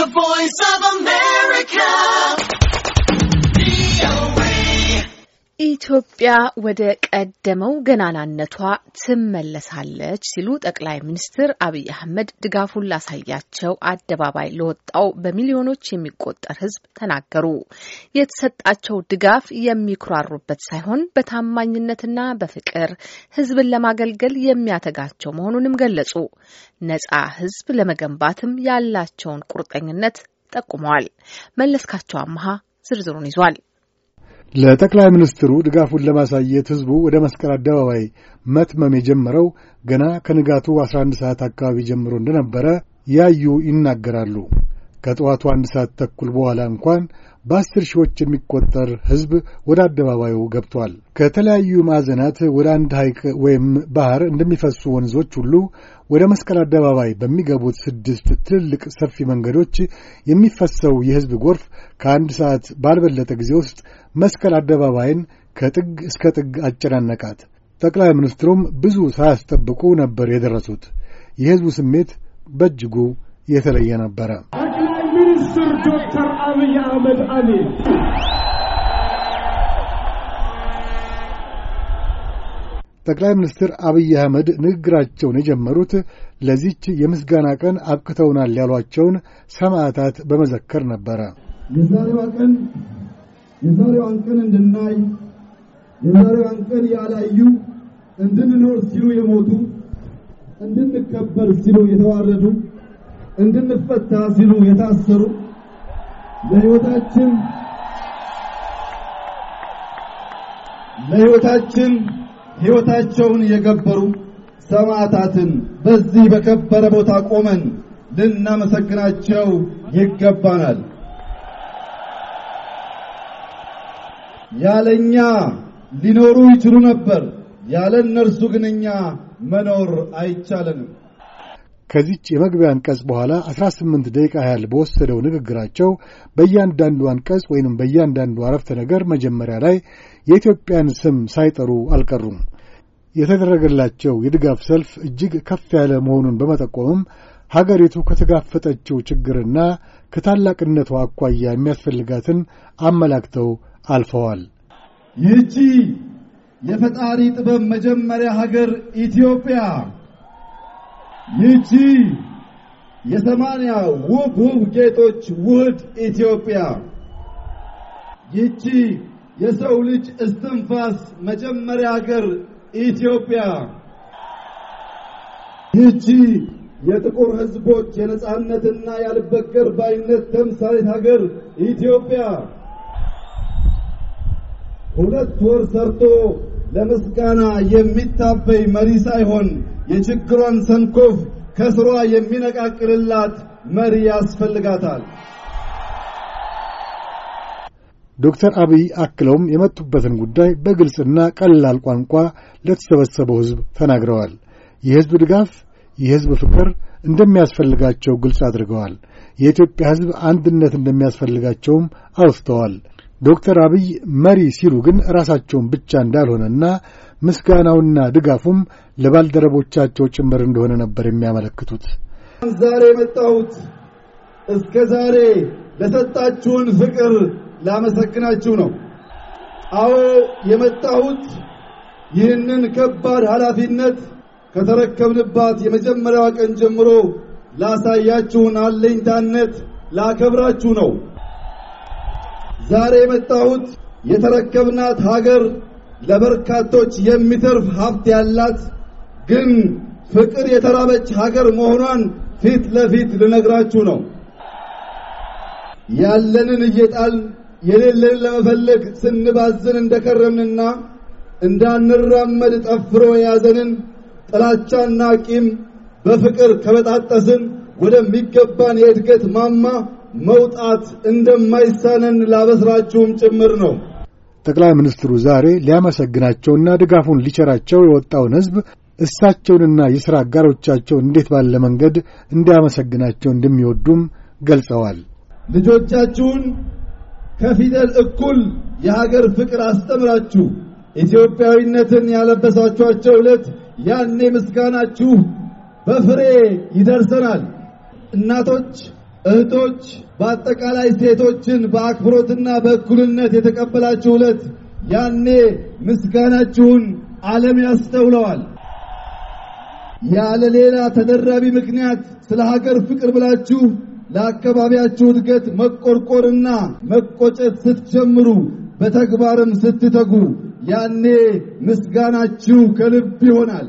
The Voice of man. ኢትዮጵያ ወደ ቀደመው ገናናነቷ ትመለሳለች ሲሉ ጠቅላይ ሚኒስትር አብይ አህመድ ድጋፉን ላሳያቸው አደባባይ ለወጣው በሚሊዮኖች የሚቆጠር ሕዝብ ተናገሩ። የተሰጣቸው ድጋፍ የሚኩራሩበት ሳይሆን በታማኝነትና በፍቅር ሕዝብን ለማገልገል የሚያተጋቸው መሆኑንም ገለጹ። ነጻ ሕዝብ ለመገንባትም ያላቸውን ቁርጠኝነት ጠቁመዋል። መለስካቸው አምሃ ዝርዝሩን ይዟል። ለጠቅላይ ሚኒስትሩ ድጋፉን ለማሳየት ሕዝቡ ወደ መስቀል አደባባይ መትመም የጀመረው ገና ከንጋቱ 11 ሰዓት አካባቢ ጀምሮ እንደነበረ ያዩ ይናገራሉ ከጠዋቱ አንድ ሰዓት ተኩል በኋላ እንኳን በአስር ሺዎች የሚቆጠር ሕዝብ ወደ አደባባዩ ገብቷል። ከተለያዩ ማዕዘናት ወደ አንድ ሐይቅ ወይም ባህር እንደሚፈሱ ወንዞች ሁሉ ወደ መስቀል አደባባይ በሚገቡት ስድስት ትልልቅ ሰፊ መንገዶች የሚፈሰው የሕዝብ ጎርፍ ከአንድ ሰዓት ባልበለጠ ጊዜ ውስጥ መስቀል አደባባይን ከጥግ እስከ ጥግ አጨናነቃት። ጠቅላይ ሚኒስትሩም ብዙ ሳያስጠብቁ ነበር የደረሱት። የሕዝቡ ስሜት በእጅጉ የተለየ ነበረ። ሚኒስትር ዶክተር አብይ አህመድ አሊ። ጠቅላይ ሚኒስትር አብይ አህመድ ንግግራቸውን የጀመሩት ለዚች የምስጋና ቀን አብቅተውናል ያሏቸውን ሰማዕታት በመዘከር ነበረ። የዛሬዋ ቀን የዛሬዋን ቀን እንድናይ የዛሬዋን ቀን ያላዩ እንድንኖር ሲሉ የሞቱ እንድንከበር ሲሉ የተዋረዱ እንድንፈታ ሲሉ የታሰሩ ለህይወታችን ለህይወታችን ህይወታቸውን የገበሩ ሰማዕታትን በዚህ በከበረ ቦታ ቆመን ልናመሰግናቸው ይገባናል። ያለኛ ሊኖሩ ይችሉ ነበር። ያለ እነርሱ ግን እኛ መኖር አይቻለንም። ከዚች የመግቢያ አንቀጽ በኋላ 18 ደቂቃ ያህል በወሰደው ንግግራቸው በእያንዳንዱ አንቀጽ ወይንም በእያንዳንዱ አረፍተ ነገር መጀመሪያ ላይ የኢትዮጵያን ስም ሳይጠሩ አልቀሩም። የተደረገላቸው የድጋፍ ሰልፍ እጅግ ከፍ ያለ መሆኑን በመጠቆምም ሀገሪቱ ከተጋፈጠችው ችግርና ከታላቅነቷ አኳያ የሚያስፈልጋትን አመላክተው አልፈዋል። ይህቺ የፈጣሪ ጥበብ መጀመሪያ ሀገር ኢትዮጵያ ይቺ የሰማንያ ውብ ውብ ጌጦች ውህድ ኢትዮጵያ፣ ይቺ የሰው ልጅ እስትንፋስ መጀመሪያ ሀገር ኢትዮጵያ፣ ይቺ የጥቁር ሕዝቦች የነጻነትና ያልበገር ባይነት ተምሳሌት ሀገር ኢትዮጵያ ሁለት ወር ሰርቶ ለምስጋና የሚታበይ መሪ ሳይሆን የችግሯን ሰንኮፍ ከስሯ የሚነቃቅልላት መሪ ያስፈልጋታል። ዶክተር አብይ አክለውም የመጡበትን ጉዳይ በግልጽና ቀላል ቋንቋ ለተሰበሰበው ሕዝብ ተናግረዋል። የሕዝብ ድጋፍ፣ የሕዝብ ፍቅር እንደሚያስፈልጋቸው ግልጽ አድርገዋል። የኢትዮጵያ ሕዝብ አንድነት እንደሚያስፈልጋቸውም አውስተዋል። ዶክተር አብይ መሪ ሲሉ ግን ራሳቸውን ብቻ እንዳልሆነና ምስጋናውና ድጋፉም ለባልደረቦቻቸው ጭምር እንደሆነ ነበር የሚያመለክቱት። ዛሬ የመጣሁት እስከ ዛሬ ለሰጣችሁን ፍቅር ላመሰግናችሁ ነው። አዎ የመጣሁት ይህንን ከባድ ኃላፊነት ከተረከብንባት የመጀመሪያዋ ቀን ጀምሮ ላሳያችሁን አለኝታነት ላከብራችሁ ነው። ዛሬ የመጣሁት የተረከብናት ሀገር ለበርካቶች የሚተርፍ ሀብት ያላት ግን ፍቅር የተራበች ሀገር መሆኗን ፊት ለፊት ልነግራችሁ ነው። ያለንን እየጣል የሌለንን ለመፈለግ ስንባዝን እንደከረምንና እንዳንራመድ ጠፍሮ የያዘንን ጥላቻና ቂም በፍቅር ከበጣጠስን ወደሚገባን የእድገት ማማ መውጣት እንደማይሳነን ላበስራችሁም ጭምር ነው። ጠቅላይ ሚኒስትሩ ዛሬ ሊያመሰግናቸውና ድጋፉን ሊቸራቸው የወጣውን ሕዝብ እሳቸውንና የሥራ አጋሮቻቸው እንዴት ባለ መንገድ እንዲያመሰግናቸው እንደሚወዱም ገልጸዋል። ልጆቻችሁን ከፊደል እኩል የሀገር ፍቅር አስተምራችሁ ኢትዮጵያዊነትን ያለበሳችኋቸው ዕለት ያኔ ምስጋናችሁ በፍሬ ይደርሰናል። እናቶች እህቶች በአጠቃላይ ሴቶችን በአክብሮትና በእኩልነት የተቀበላችሁ ዕለት ያኔ ምስጋናችሁን ዓለም ያስተውለዋል። ያለ ሌላ ተደራቢ ምክንያት ስለ ሀገር ፍቅር ብላችሁ ለአካባቢያችሁ እድገት መቆርቆርና መቆጨት ስትጀምሩ፣ በተግባርም ስትተጉ ያኔ ምስጋናችሁ ከልብ ይሆናል።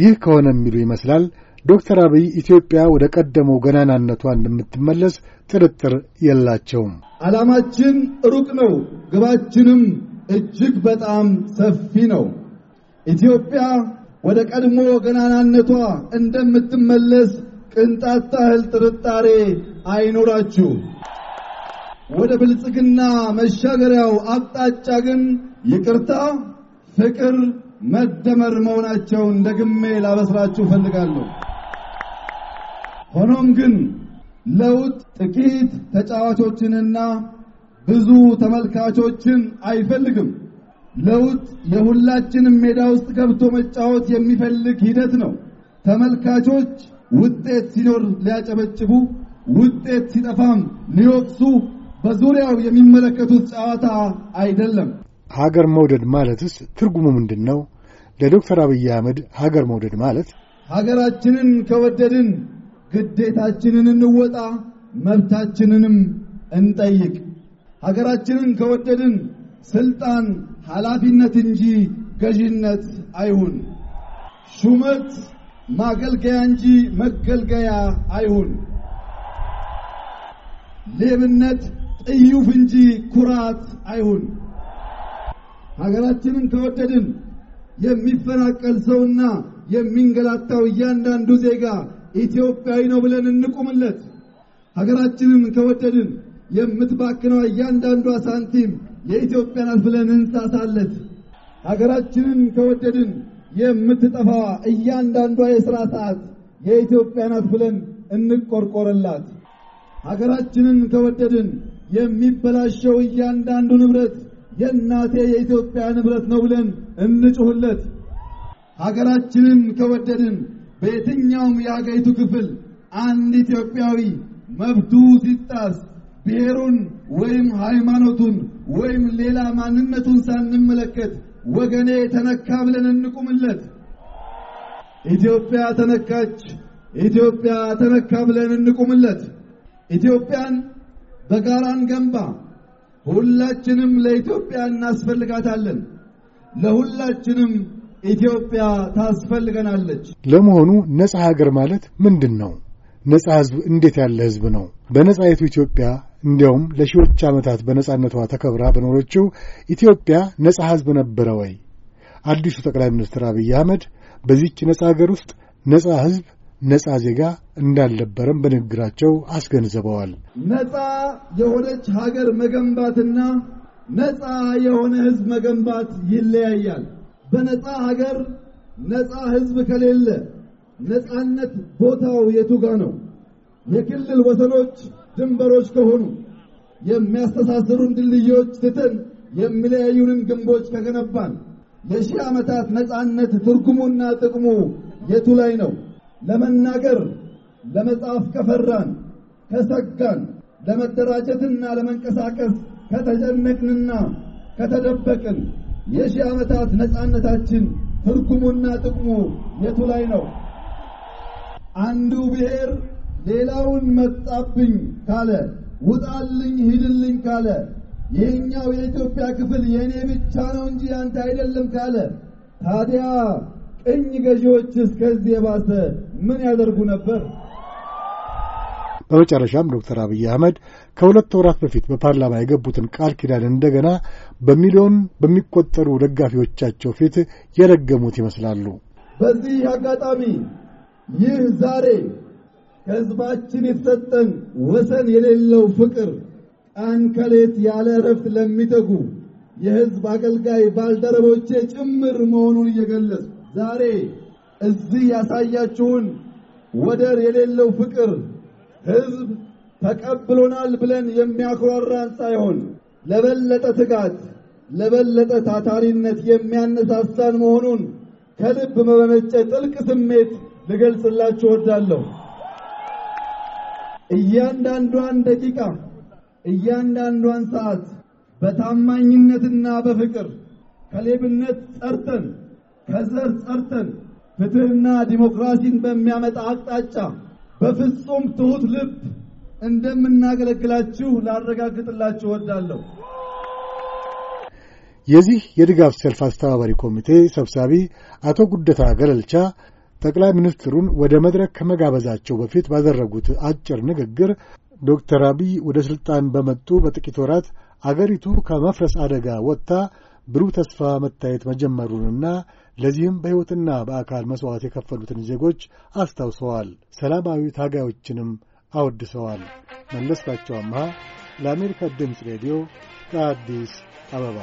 ይህ ከሆነ የሚሉ ይመስላል ዶክተር አብይ ኢትዮጵያ ወደ ቀደመው ገናናነቷ እንደምትመለስ ጥርጥር የላቸውም። ዓላማችን ሩቅ ነው፣ ግባችንም እጅግ በጣም ሰፊ ነው። ኢትዮጵያ ወደ ቀድሞ ገናናነቷ እንደምትመለስ ቅንጣት ታህል ጥርጣሬ አይኖራችሁ። ወደ ብልጽግና መሻገሪያው አቅጣጫ ግን ይቅርታ፣ ፍቅር፣ መደመር መሆናቸውን ደግሜ ላበስራችሁ እፈልጋለሁ። ሆኖም ግን ለውጥ ጥቂት ተጫዋቾችንና ብዙ ተመልካቾችን አይፈልግም። ለውጥ የሁላችንም ሜዳ ውስጥ ገብቶ መጫወት የሚፈልግ ሂደት ነው። ተመልካቾች ውጤት ሲኖር ሊያጨበጭቡ፣ ውጤት ሲጠፋም ሊወቅሱ፣ በዙሪያው የሚመለከቱት ጨዋታ አይደለም። ሀገር መውደድ ማለትስ ትርጉሙ ምንድን ነው? ለዶክተር አብይ አህመድ ሀገር መውደድ ማለት ሀገራችንን ከወደድን ግዴታችንን እንወጣ፣ መብታችንንም እንጠይቅ። ሀገራችንን ከወደድን ስልጣን ኃላፊነት እንጂ ገዥነት አይሁን። ሹመት ማገልገያ እንጂ መገልገያ አይሁን። ሌብነት ጥዩፍ እንጂ ኩራት አይሁን። ሀገራችንን ከወደድን የሚፈናቀል ሰውና የሚንገላታው እያንዳንዱ ዜጋ ኢትዮጵያዊ ነው ብለን እንቁምለት። ሀገራችንን ከወደድን የምትባክነው እያንዳንዷ ሳንቲም የኢትዮጵያ ናት ብለን እንሳሳለት። ሀገራችንን ከወደድን የምትጠፋ እያንዳንዷ የሥራ ሰዓት የኢትዮጵያ ናት ብለን እንቆርቆርላት። ሀገራችንን ከወደድን የሚበላሸው እያንዳንዱ ንብረት የእናቴ የኢትዮጵያ ንብረት ነው ብለን እንጩሁለት። ሀገራችንን ከወደድን በየትኛውም የአገሪቱ ክፍል አንድ ኢትዮጵያዊ መብቱ ሲጣስ ብሔሩን ወይም ሃይማኖቱን ወይም ሌላ ማንነቱን ሳንመለከት ወገኔ ተነካ ብለን እንቁምለት። ኢትዮጵያ ተነካች፣ ኢትዮጵያ ተነካ ብለን እንቁምለት። ኢትዮጵያን በጋራን ገንባ። ሁላችንም ለኢትዮጵያ እናስፈልጋታለን። ለሁላችንም ኢትዮጵያ ታስፈልገናለች። ለመሆኑ ነጻ ሀገር ማለት ምንድን ነው? ነጻ ህዝብ እንዴት ያለ ህዝብ ነው? በነጻይቱ ኢትዮጵያ እንዲያውም ለሺዎች ዓመታት በነጻነቷ ተከብራ በኖረችው ኢትዮጵያ ነጻ ህዝብ ነበረ ወይ? አዲሱ ጠቅላይ ሚኒስትር አብይ አህመድ በዚች ነጻ ሀገር ውስጥ ነጻ ህዝብ፣ ነጻ ዜጋ እንዳልነበረም በንግግራቸው አስገንዝበዋል። ነጻ የሆነች ሀገር መገንባትና ነጻ የሆነ ህዝብ መገንባት ይለያያል። በነፃ ሀገር ነፃ ህዝብ ከሌለ ነፃነት ቦታው የቱ ጋ ነው? የክልል ወሰኖች ድንበሮች ከሆኑ የሚያስተሳስሩን ድልድዮች ትተን የሚለያዩንን ግንቦች ከገነባን የሺህ ዓመታት ነፃነት ትርጉሙና ጥቅሙ የቱ ላይ ነው? ለመናገር ለመጻፍ ከፈራን ከሰጋን፣ ለመደራጀትና ለመንቀሳቀስ ከተጨነቅንና ከተደበቅን የሺህ ዓመታት ነፃነታችን ትርጉሙና ጥቅሙ የቱ ላይ ነው? አንዱ ብሔር ሌላውን መጣብኝ ካለ፣ ውጣልኝ ሂድልኝ ካለ፣ የእኛው የኢትዮጵያ ክፍል የእኔ ብቻ ነው እንጂ ያንተ አይደለም ካለ ታዲያ ቅኝ ገዢዎች እስከዚህ የባሰ ምን ያደርጉ ነበር? በመጨረሻም ዶክተር አብይ አህመድ ከሁለት ወራት በፊት በፓርላማ የገቡትን ቃል ኪዳን እንደገና በሚሊዮን በሚቆጠሩ ደጋፊዎቻቸው ፊት የረገሙት ይመስላሉ። በዚህ አጋጣሚ ይህ ዛሬ ከሕዝባችን የተሰጠን ወሰን የሌለው ፍቅር ቀን ከሌት ያለ እረፍት ለሚተጉ የሕዝብ አገልጋይ ባልደረቦቼ ጭምር መሆኑን እየገለጽ ዛሬ እዚህ ያሳያችሁን ወደር የሌለው ፍቅር ህዝብ ተቀብሎናል ብለን የሚያኮራራን ሳይሆን ለበለጠ ትጋት፣ ለበለጠ ታታሪነት የሚያነሳሳን መሆኑን ከልብ በመነጨ ጥልቅ ስሜት ልገልጽላችሁ እወዳለሁ። እያንዳንዷን ደቂቃ፣ እያንዳንዷን ሰዓት በታማኝነትና በፍቅር ከሌብነት ጸርተን ከዘር ጸርተን ፍትህና ዲሞክራሲን በሚያመጣ አቅጣጫ በፍጹም ትሁት ልብ እንደምናገለግላችሁ ላረጋግጥላችሁ እወዳለሁ። የዚህ የድጋፍ ሰልፍ አስተባባሪ ኮሚቴ ሰብሳቢ አቶ ጉደታ ገለልቻ ጠቅላይ ሚኒስትሩን ወደ መድረክ ከመጋበዛቸው በፊት ባደረጉት አጭር ንግግር ዶክተር አብይ ወደ ሥልጣን በመጡ በጥቂት ወራት አገሪቱ ከመፍረስ አደጋ ወጥታ ብሩህ ተስፋ መታየት መጀመሩንና ለዚህም በሕይወትና በአካል መሥዋዕት የከፈሉትን ዜጎች አስታውሰዋል። ሰላማዊ ታጋዮችንም አወድሰዋል። መለስካቸው አምሃ ለአሜሪካ ድምፅ ሬዲዮ ከአዲስ አበባ